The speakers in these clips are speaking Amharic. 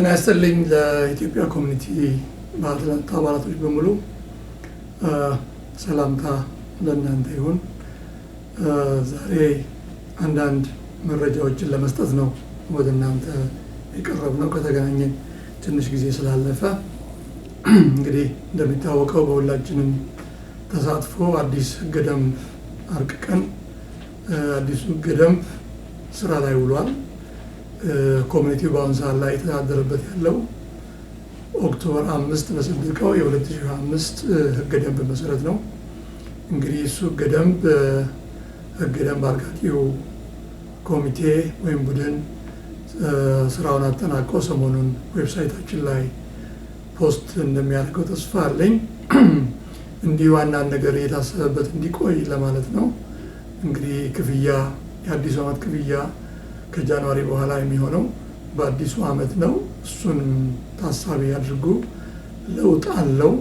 ጤና ያስጥልኝ ለኢትዮጵያ ኮሚኒቲ በአትላንታ አባላቶች በሙሉ ሰላምታ ለእናንተ ይሁን። ዛሬ አንዳንድ መረጃዎችን ለመስጠት ነው ወደ እናንተ ነው ከተገናኘን ትንሽ ጊዜ ስላለፈ እንግዲህ እንደሚታወቀው በሁላችንም ተሳትፎ አዲስ ሕገ ደንብ አርቅቀን አዲሱ ሕገ ደንብ ስራ ላይ ውሏል። ኮሚኒቲው በአሁን ሰዓት ላይ የተዳደረበት ያለው ኦክቶበር አምስት በጸደቀው የ2005 ህገ ደንብ መሰረት ነው። እንግዲህ እሱ ህገ ደንብ ህገ ደንብ አርቃቂው ኮሚቴ ወይም ቡድን ስራውን አጠናቀው ሰሞኑን ዌብሳይታችን ላይ ፖስት እንደሚያደርገው ተስፋ አለኝ። እንዲህ ዋናን ነገር የታሰበበት እንዲቆይ ለማለት ነው። እንግዲህ ክፍያ የአዲሱ ዓመት ክፍያ ከጃንዋሪ በኋላ የሚሆነው በአዲሱ ዓመት ነው። እሱን ታሳቢ አድርጉ። ለውጥ አለው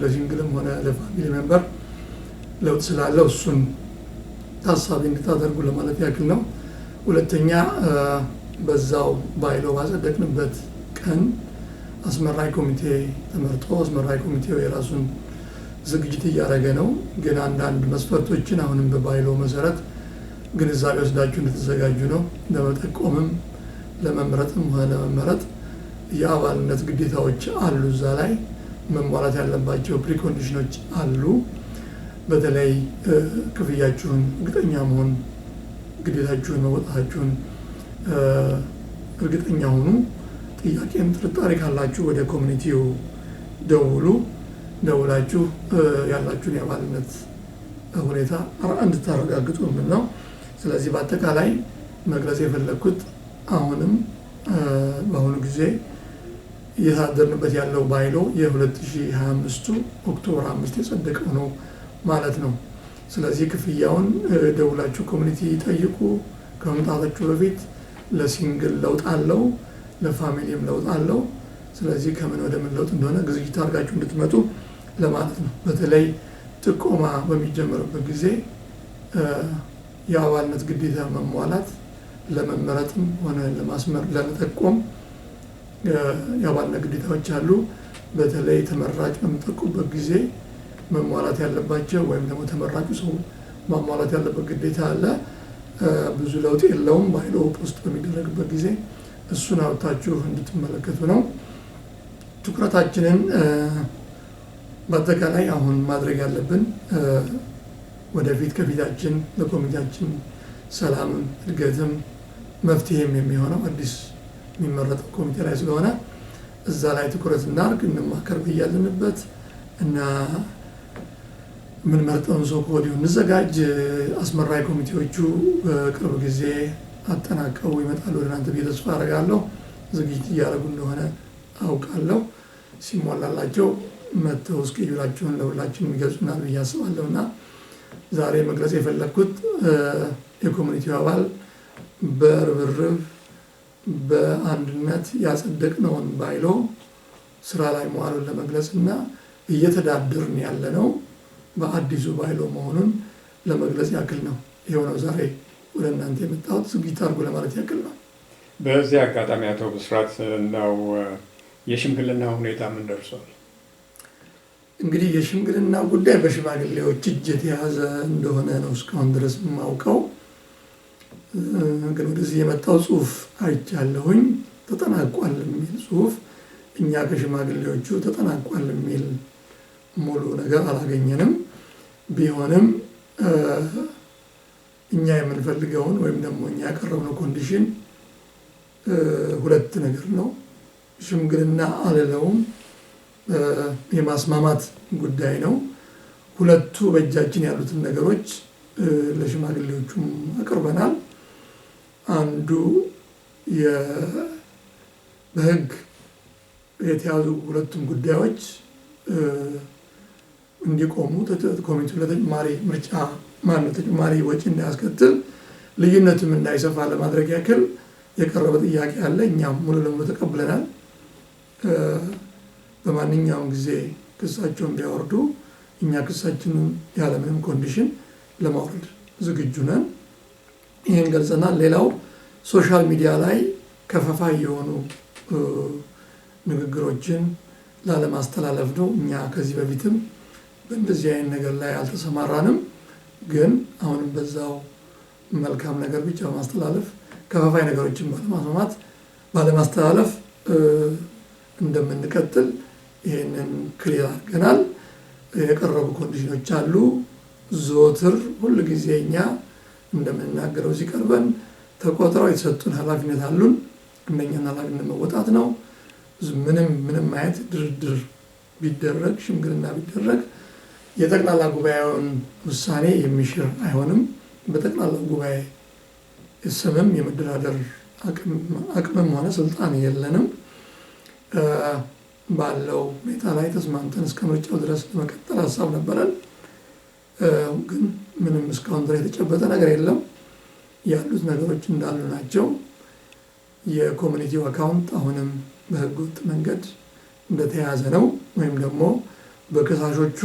ለሲንግልም ሆነ ለፋሚሊ ሜምበር ለውጥ ስላለው እሱን ታሳቢ እንድታደርጉ ለማለት ያክል ነው። ሁለተኛ በዛው ባይሎ ባጸደቅንበት ቀን አስመራይ ኮሚቴ ተመርጦ አስመራይ ኮሚቴው የራሱን ዝግጅት እያደረገ ነው። ግን አንዳንድ መስፈርቶችን አሁንም በባይሎ መሰረት ግንዛቤ ወስዳችሁ እንደተዘጋጁ ነው። ለመጠቆምም ለመምረጥም ሆነ ለመመረጥ የአባልነት ግዴታዎች አሉ። እዛ ላይ መሟላት ያለባቸው ፕሪኮንዲሽኖች አሉ። በተለይ ክፍያችሁን እርግጠኛ መሆን ግዴታችሁን መወጣታችሁን እርግጠኛ ሁኑ። ጥያቄም ጥርጣሬ ካላችሁ ወደ ኮሚኒቲው ደውሉ። ደውላችሁ ያላችሁን የአባልነት ሁኔታ እንድታረጋግጡ ነው። ስለዚህ በአጠቃላይ መግለጽ የፈለግኩት አሁንም በአሁኑ ጊዜ እየታደርንበት ያለው ባይሎ የ2025 ኦክቶበር አምስት የጸደቀው ነው ማለት ነው። ስለዚህ ክፍያውን ደውላችሁ ኮሚኒቲ ጠይቁ። ከመምጣታችሁ በፊት ለሲንግል ለውጥ አለው፣ ለፋሚሊም ለውጥ አለው። ስለዚህ ከምን ወደ ምን ለውጥ እንደሆነ ዝግጅት አድርጋችሁ እንድትመጡ ለማለት ነው። በተለይ ጥቆማ በሚጀመርበት ጊዜ የአባልነት ግዴታ መሟላት ለመመረጥም ሆነ ለመጠቆም የአባልነት ግዴታዎች አሉ። በተለይ ተመራጭ በሚጠቁበት ጊዜ መሟላት ያለባቸው ወይም ደግሞ ተመራጩ ሰው ማሟላት ያለበት ግዴታ አለ። ብዙ ለውጥ የለውም ባይሎ ፖስት በሚደረግበት ጊዜ እሱን አውጥታችሁ እንድትመለከቱ ነው። ትኩረታችንን በአጠቃላይ አሁን ማድረግ ያለብን ወደፊት ከፊታችን ለኮሚቴያችን ሰላምም እድገትም መፍትሄም የሚሆነው አዲስ የሚመረጠው ኮሚቴ ላይ ስለሆነ እዛ ላይ ትኩረት እናድርግ፣ እንማከር ብያለንበት እና የምንመርጠውን ሰው ከወዲሁ እንዘጋጅ። አስመራዊ ኮሚቴዎቹ በቅርብ ጊዜ አጠናቀው ይመጣሉ ወደ እናንተ ብዬ ተስፋ አደርጋለሁ። ዝግጅት እያደረጉ እንደሆነ አውቃለሁ። ሲሟላላቸው መጥተው እስኬጁላቸውን ለሁላችን የሚገልጹናል ብዬ አስባለሁ እና ዛሬ መግለጽ የፈለግኩት የኮሚኒቲው አባል በርብርብ በአንድነት ያጸደቅነውን ባይሎ ስራ ላይ መዋሉን ለመግለጽ እና ያለ ያለነው በአዲሱ ባይሎ መሆኑን ለመግለጽ ያክል ነው የሆነው ዛሬ ወደ እናንተ የመጣሁት ዝግጅት አድርጎ ለማለት ያክል ነው። በዚህ አጋጣሚ አቶ ብስራት ነው የሽምግልና ሁኔታ ምን ደርሷል? እንግዲህ የሽምግልና ጉዳይ በሽማግሌዎች እጅ የተያዘ እንደሆነ ነው እስካሁን ድረስ የማውቀው። ግን ወደዚህ የመጣው ጽሁፍ አይቻለሁኝ። ተጠናቋል የሚል ጽሁፍ እኛ ከሽማግሌዎቹ ተጠናቋል የሚል ሙሉ ነገር አላገኘንም። ቢሆንም እኛ የምንፈልገውን ወይም ደግሞ እኛ ያቀረብነው ኮንዲሽን ሁለት ነገር ነው። ሽምግልና አልለውም የማስማማት ጉዳይ ነው። ሁለቱ በእጃችን ያሉትን ነገሮች ለሽማግሌዎቹም አቅርበናል። አንዱ በህግ የተያዙ ሁለቱም ጉዳዮች እንዲቆሙ ኮሚቴው ለተጨማሪ ምርጫ ማነው ተጨማሪ ወጪ እንዳያስከትል ልዩነትም እንዳይሰፋ ለማድረግ ያክል የቀረበ ጥያቄ አለ። እኛም ሙሉ ለሙሉ ተቀብለናል። በማንኛውም ጊዜ ክሳቸውን ቢያወርዱ እኛ ክሳችንን ያለምንም ኮንዲሽን ለማውረድ ዝግጁ ነን። ይህን ገልጸናል። ሌላው ሶሻል ሚዲያ ላይ ከፈፋ የሆኑ ንግግሮችን ላለማስተላለፍ ነው። እኛ ከዚህ በፊትም በእንደዚህ አይነት ነገር ላይ አልተሰማራንም፣ ግን አሁንም በዛው መልካም ነገር ብቻ በማስተላለፍ ከፈፋይ ነገሮችን ባለማስማማት ባለማስተላለፍ እንደምንቀጥል ይህንን ክሊር አድርገናል። የቀረቡ ኮንዲሽኖች አሉ። ዘወትር ሁል ጊዜ እኛ እንደምንናገረው ሲቀርበን ተቆጥረው የተሰጡን ኃላፊነት አሉን። እነኛን ኃላፊነት መወጣት ነው። ምንም ምንም ማየት ድርድር ቢደረግ ሽምግልና ቢደረግ የጠቅላላ ጉባኤውን ውሳኔ የሚሽር አይሆንም። በጠቅላላ ጉባኤ ስምም የመደራደር አቅምም ሆነ ስልጣን የለንም። ባለው ሁኔታ ላይ ተስማምተን እስከ ምርጫው ድረስ ለመቀጠል ሀሳብ ነበረን። ግን ምንም እስካሁን ድረስ የተጨበጠ ነገር የለም። ያሉት ነገሮች እንዳሉ ናቸው። የኮሚኒቲው አካውንት አሁንም በህገ ወጥ መንገድ እንደተያዘ ነው ወይም ደግሞ በከሳሾቹ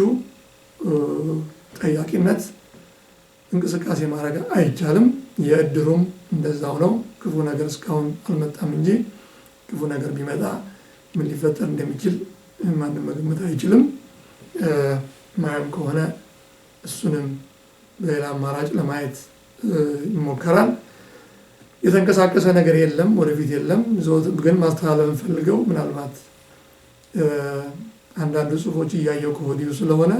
ጠያቂነት እንቅስቃሴ ማድረግ አይቻልም። የእድሩም እንደዛው ነው። ክፉ ነገር እስካሁን አልመጣም እንጂ ክፉ ነገር ቢመጣ ምን ሊፈጠር እንደሚችል ማንም መገመት አይችልም። ማየም ከሆነ እሱንም በሌላ አማራጭ ለማየት ይሞከራል። የተንቀሳቀሰ ነገር የለም፣ ወደፊት የለም። ግን ማስተላለፍ እንፈልገው ምናልባት አንዳንድ ጽሁፎች እያየው ከወዲሁ ስለሆነ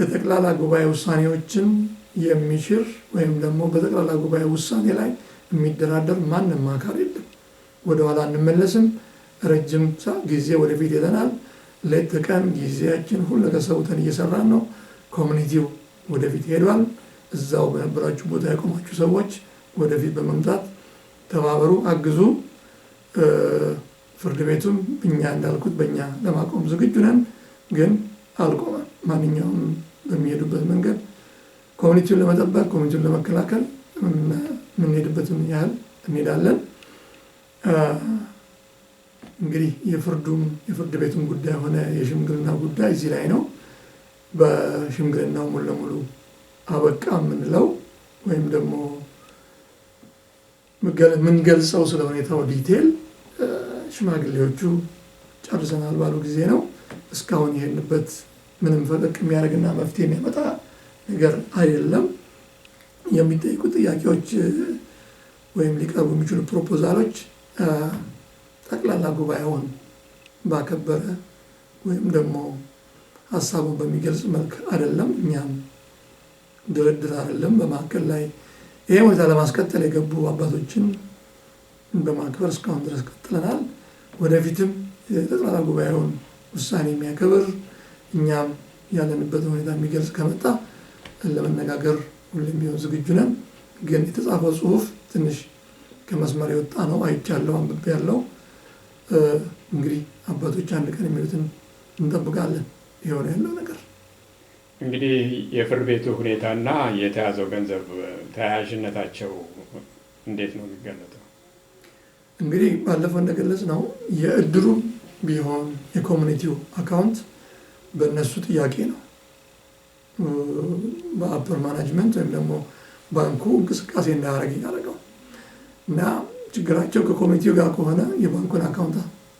የጠቅላላ ጉባኤ ውሳኔዎችን የሚሽር ወይም ደግሞ በጠቅላላ ጉባኤ ውሳኔ ላይ የሚደራደር ማንም አካል የለም። ወደኋላ አንመለስም። ረጅም ጊዜ ወደፊት ይዘናል። ሌት ቀን ጊዜያችን ሁሉ ተሰውተን እየሰራን ነው። ኮሚኒቲው ወደፊት ሄዷል። እዛው በነበራችሁ ቦታ ያቆማችሁ ሰዎች ወደፊት በመምጣት ተባበሩ፣ አግዙ። ፍርድ ቤቱም እኛ እንዳልኩት በእኛ ለማቆም ዝግጁ ነን፣ ግን አልቆመም። ማንኛውም በሚሄዱበት መንገድ ኮሚኒቲውን ለመጠበቅ ኮሚኒቲውን ለመከላከል የምንሄድበትን ያህል እንሄዳለን። እንግዲህ የፍርዱም የፍርድ ቤቱም ጉዳይ ሆነ የሽምግልና ጉዳይ እዚህ ላይ ነው። በሽምግልናው ሙሉ ለሙሉ አበቃ የምንለው ወይም ደግሞ የምንገልጸው ስለ ሁኔታው ዲቴል ሽማግሌዎቹ ጨርሰናል ባሉ ጊዜ ነው። እስካሁን ይሄንበት ምንም ፈቀቅ የሚያደርግና መፍትሄ የሚያመጣ ነገር አይደለም። የሚጠይቁ ጥያቄዎች ወይም ሊቀርቡ የሚችሉ ፕሮፖዛሎች ጠቅላላ ጉባኤውን ባከበረ ወይም ደግሞ ሀሳቡን በሚገልጽ መልክ አይደለም። እኛም ድርድር አይደለም በማዕከል ላይ ይሄ ሁኔታ ለማስቀጠል የገቡ አባቶችን በማክበር እስካሁን ድረስ ቀጥለናል። ወደፊትም የጠቅላላ ጉባኤውን ውሳኔ የሚያከብር እኛም ያለንበትን ሁኔታ የሚገልጽ ከመጣ ለመነጋገር ሁሌም ቢሆን ዝግጁ ነን። ግን የተጻፈው ጽሁፍ ትንሽ ከመስመር የወጣ ነው። አይቻለው፣ አንብቤ ያለው እንግዲህ አባቶች አንድ ቀን የሚሉትን እንጠብቃለን። የሆነ ያለው ነገር እንግዲህ የፍርድ ቤቱ ሁኔታ እና የተያዘው ገንዘብ ተያያዥነታቸው እንዴት ነው የሚገለጠው? እንግዲህ ባለፈው እንደገለጽ ነው የእድሩ ቢሆን የኮሚኒቲው አካውንት በእነሱ ጥያቄ ነው በአፐር ማናጅመንት ወይም ደግሞ ባንኩ እንቅስቃሴ እንዳያደርግ ያደረገው እና ችግራቸው ከኮሚቴው ጋር ከሆነ የባንኩን አካውንት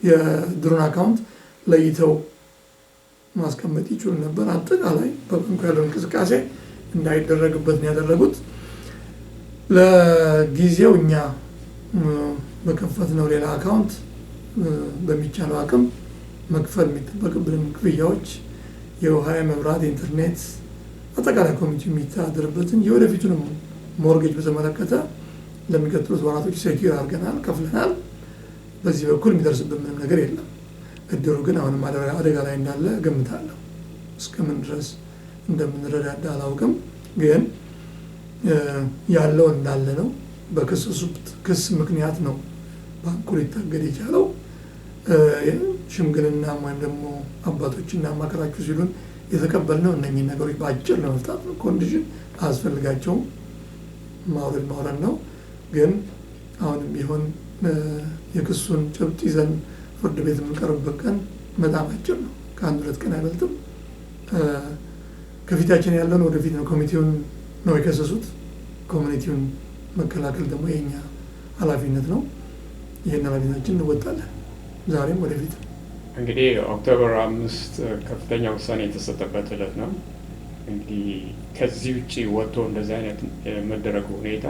የድሮን አካውንት ለይተው ማስቀመጥ ይችሉ ነበር። አጠቃላይ በባንኩ ያለው እንቅስቃሴ እንዳይደረግበት ነው ያደረጉት። ለጊዜው እኛ ነው ሌላ አካውንት በሚቻለው አቅም መክፈል የሚጠበቅብንም ክፍያዎች የውሃ፣ የመብራት፣ የኢንተርኔት አጠቃላይ ኮሚቴ የሚተዳደርበትን የወደፊቱንም ሞርጌጅ በተመለከተ ለሚቀጥሉት ወራቶች ሴኪር አድርገናል፣ ከፍለናል። በዚህ በኩል የሚደርስብን ምንም ነገር የለም። እድሩ ግን አሁንም አደጋ ላይ እንዳለ ገምታለሁ። እስከምን ድረስ እንደምንረዳዳ አላውቅም፣ ግን ያለው እንዳለ ነው። በክስ ክስ ምክንያት ነው ባንኩ ሊታገድ የቻለው። ሽምግልና ወይም ደግሞ አባቶችና አማከራችሁ ሲሉን የተቀበልነው እነኚህ ነገሮች በአጭር ለመፍታት ነው። ኮንዲሽን አያስፈልጋቸውም። ማውረድ ማውረድ ነው። ግን አሁንም ቢሆን የክሱን ጭብጥ ይዘን ፍርድ ቤት የምንቀርብበት ቀን በጣም አጭር ነው። ከአንድ ሁለት ቀን አይበልጥም። ከፊታችን ያለን ወደፊት ነው። ኮሚቴውን ነው የከሰሱት። ኮሚኒቲውን መከላከል ደግሞ የኛ ኃላፊነት ነው። ይህን ኃላፊነታችን እንወጣለን ዛሬም ወደፊት። እንግዲህ ኦክቶበር አምስት ከፍተኛ ውሳኔ የተሰጠበት እለት ነው። እንግዲህ ከዚህ ውጭ ወጥቶ እንደዚህ አይነት የመደረጉ ሁኔታ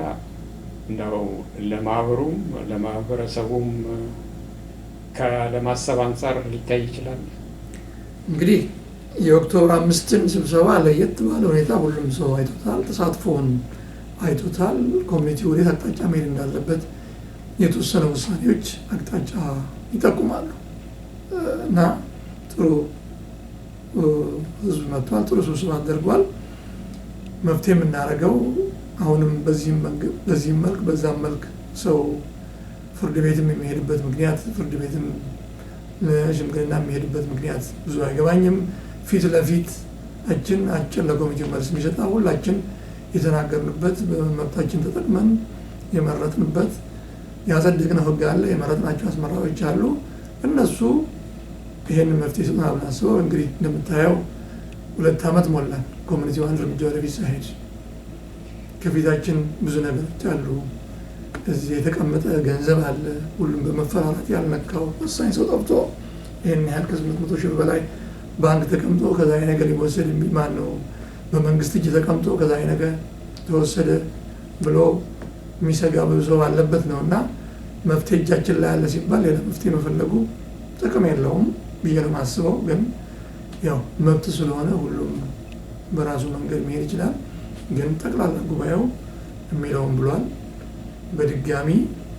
እንደው ለማህበሩም ለማህበረሰቡም ከለማሰብ አንጻር ሊታይ ይችላል። እንግዲህ የኦክቶበር አምስትን ስብሰባ ለየት ባለ ሁኔታ ሁሉም ሰው አይቶታል፣ ተሳትፎውን አይቶታል። ኮሚኒቲው ወዴት አቅጣጫ መሄድ እንዳለበት የተወሰነ ውሳኔዎች አቅጣጫ ይጠቁማሉ እና ጥሩ ህዝብ መጥቷል። ጥሩ ስብሰባ አድርጓል። መፍትሄ የምናደርገው አሁንም በዚህም መልክ በዛም መልክ ሰው ፍርድ ቤትም የሚሄድበት ምክንያት ፍርድ ቤትም ለሽምግልና የሚሄድበት ምክንያት ብዙ አይገባኝም። ፊት ለፊት እችን አጭር ለኮሚቴው መልስ የሚሰጣ ሁላችን የተናገርንበት መብታችን ተጠቅመን የመረጥንበት ያጸደቅነው ሕግ አለ። የመረጥናቸው አስመራዎች አሉ። እነሱ ይህንን መፍትሄ ስጡና ብናስበው እንግዲህ እንደምታየው ሁለት ዓመት ሞላን ኮሚኒቲው አንድ እርምጃ ወደፊት ሳይሄድ ከፊታችን ብዙ ነገሮች አሉ። እዚህ የተቀመጠ ገንዘብ አለ። ሁሉም በመፈራራት ያልነካው ወሳኝ ሰው ጠብቶ ይህን ያህል ከስምንት መቶ ሺህ በላይ ባንክ ተቀምጦ ከዛ ነገር ሊወሰድ የሚል ነው? በመንግስት እጅ ተቀምጦ ከዛ ነገር ተወሰደ ብሎ የሚሰጋ ብዙ ሰው አለበት ነው እና መፍትሄ እጃችን ላይ አለ ሲባል ሌላ መፍትሄ መፈለጉ ጥቅም የለውም ብዬ ነው ግን ያው መብት ስለሆነ ሁሉም በራሱ መንገድ መሄድ ይችላል። ግን ጠቅላላ ጉባኤው የሚለውን ብሏል። በድጋሚ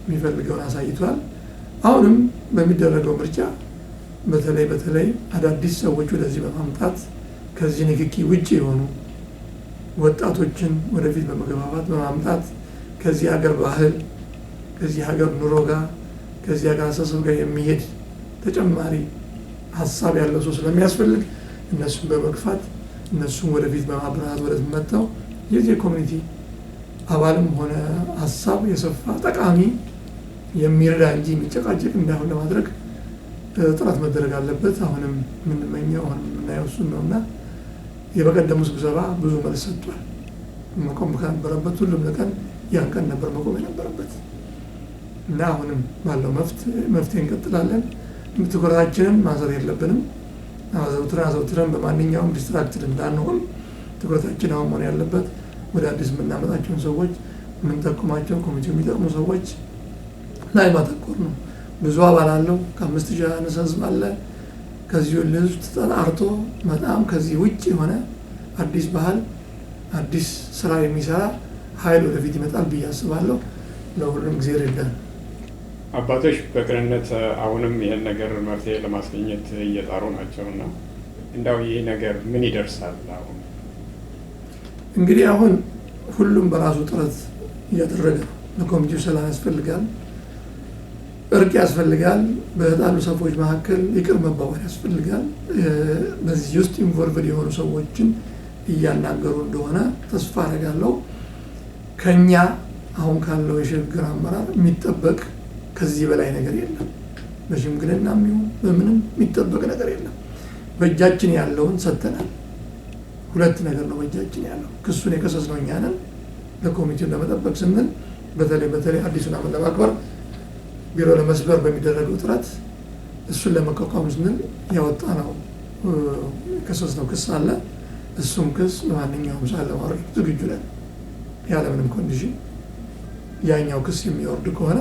የሚፈልገውን አሳይቷል። አሁንም በሚደረገው ምርጫ በተለይ በተለይ አዳዲስ ሰዎች ወደዚህ በማምጣት ከዚህ ንክኪ ውጭ የሆኑ ወጣቶችን ወደፊት በመገባባት በማምጣት ከዚህ ሀገር ባህል ከዚህ ሀገር ኑሮ ጋር ከዚህ ሀገር አስተሳሰብ ጋር የሚሄድ ተጨማሪ ሀሳብ ያለው ሰው ስለሚያስፈልግ እነሱን በመግፋት እነሱን ወደፊት በማብረሃት ወደት መጥተው የዚህ ኮሚኒቲ አባልም ሆነ ሀሳብ የሰፋ ጠቃሚ የሚረዳ እንጂ የሚጨቃጭቅ እንዳይሆን ለማድረግ ጥረት መደረግ አለበት። አሁንም የምንመኘው አሁን የምናየው እሱን ነው እና የበቀደሙ ስብሰባ ብዙ መልስ ሰጥቷል። መቆም ከነበረበት ሁሉም ለቀን ያን ቀን ነበር መቆም የነበረበት እና አሁንም ባለው መፍትሄ እንቀጥላለን። ትኩረታችንን ማሰር የለብንም። አዘውትረን አዘውትረን በማንኛውም ዲስትራክትድ እንዳንሆን ትኩረታችን አሁን መሆን ያለበት ወደ አዲስ የምናመጣቸውን ሰዎች የምንጠቁማቸው ኮሚቴ የሚጠቅሙ ሰዎች ላይ ማተኮር ነው። ብዙ አባል አለው። ከአምስት ሺህ ያነሰ ህዝብ አለ። ከዚሁ ህዝብ ተጠናርቶ በጣም ከዚህ ውጭ የሆነ አዲስ ባህል፣ አዲስ ስራ የሚሰራ ሀይል ወደፊት ይመጣል ብዬ አስባለሁ። ለሁሉም ጊዜ ርዳን አባቶች በቅንነት አሁንም ይህን ነገር መፍትሄ ለማስገኘት እየጣሩ ናቸው እና እንዳው ይህ ነገር ምን ይደርሳል አሁን እንግዲህ አሁን ሁሉም በራሱ ጥረት እያደረገ ነው። ለኮሚኒቲው ሰላም ያስፈልጋል፣ እርቅ ያስፈልጋል፣ በጣሉ ሰዎች መካከል ይቅር መባባል ያስፈልጋል። በዚህ ውስጥ ኢንቮልቭድ የሆኑ ሰዎችን እያናገሩ እንደሆነ ተስፋ አደርጋለሁ። ከኛ አሁን ካለው የሽግግር አመራር የሚጠበቅ ከዚህ በላይ ነገር የለም። በሽምግልና የሚሆን በምንም የሚጠበቅ ነገር የለም። በእጃችን ያለውን ሰጥተናል። ሁለት ነገር ነው በእጃችን ያለው። ክሱን የከሰስነው እኛ ነን። ለኮሚቴው ለመጠበቅ ስንል በተለይ በተለይ አዲሱን ዓመት ለማክበር ቢሮ ለመስበር በሚደረገው ጥረት እሱን ለመቋቋም ስንል ያወጣ ነው ነው ክስ አለ። እሱም ክስ ለማንኛውም ሰዓት ለማድረግ ዝግጁ ነን ያለምንም ኮንዲሽን። ያኛው ክስ የሚወርድ ከሆነ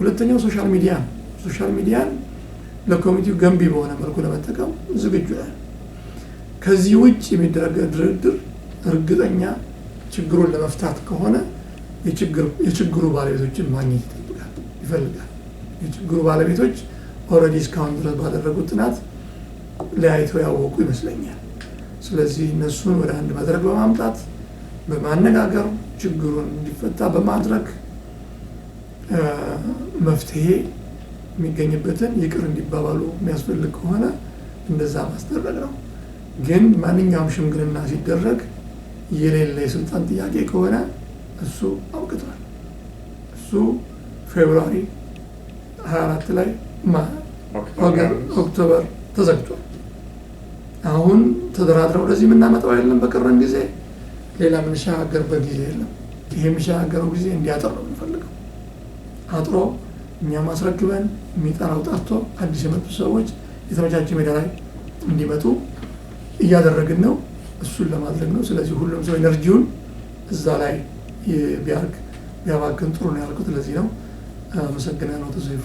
ሁለተኛው ሶሻል ሚዲያ ሶሻል ሚዲያን ለኮሚቴው ገንቢ በሆነ መልኩ ለመጠቀም ዝግጁ ነን። ከዚህ ውጭ የሚደረገ ድርድር እርግጠኛ ችግሩን ለመፍታት ከሆነ የችግሩ ባለቤቶችን ማግኘት ይጠብቃል ይፈልጋል። የችግሩ ባለቤቶች ኦረዲ እስካሁን ድረስ ባደረጉት ጥናት ለያይተው ያወቁ ይመስለኛል። ስለዚህ እነሱን ወደ አንድ መድረክ በማምጣት በማነጋገር ችግሩን እንዲፈታ በማድረግ መፍትሄ የሚገኝበትን ይቅር እንዲባባሉ የሚያስፈልግ ከሆነ እንደዛ ማስደረግ ነው። ግን ማንኛውም ሽምግልና ሲደረግ የሌለ የስልጣን ጥያቄ ከሆነ እሱ አውቅቷል። እሱ ፌብሩዋሪ 24 ላይ ኦክቶበር ተዘግቷል። አሁን ተደራድረው ወደዚህ የምናመጣው አይደለም። በቀረን ጊዜ ሌላ የምንሸጋገርበት ጊዜ የለም። ይሄ የምንሸጋገረው ጊዜ እንዲያጠር ነው የምንፈልገው። አጥሮ እኛም አስረክበን የሚጠራው ጠርቶ አዲስ የመጡ ሰዎች የተመቻቸ ሜዳ ላይ እንዲመጡ እያደረግን ነው። እሱን ለማድረግ ነው። ስለዚህ ሁሉም ሰው ኤነርጂውን እዛ ላይ ቢያርግ ቢያባክን ጥሩ ነው ያልኩት ለዚህ ነው። አመሰግናለሁ። ተዘይፉ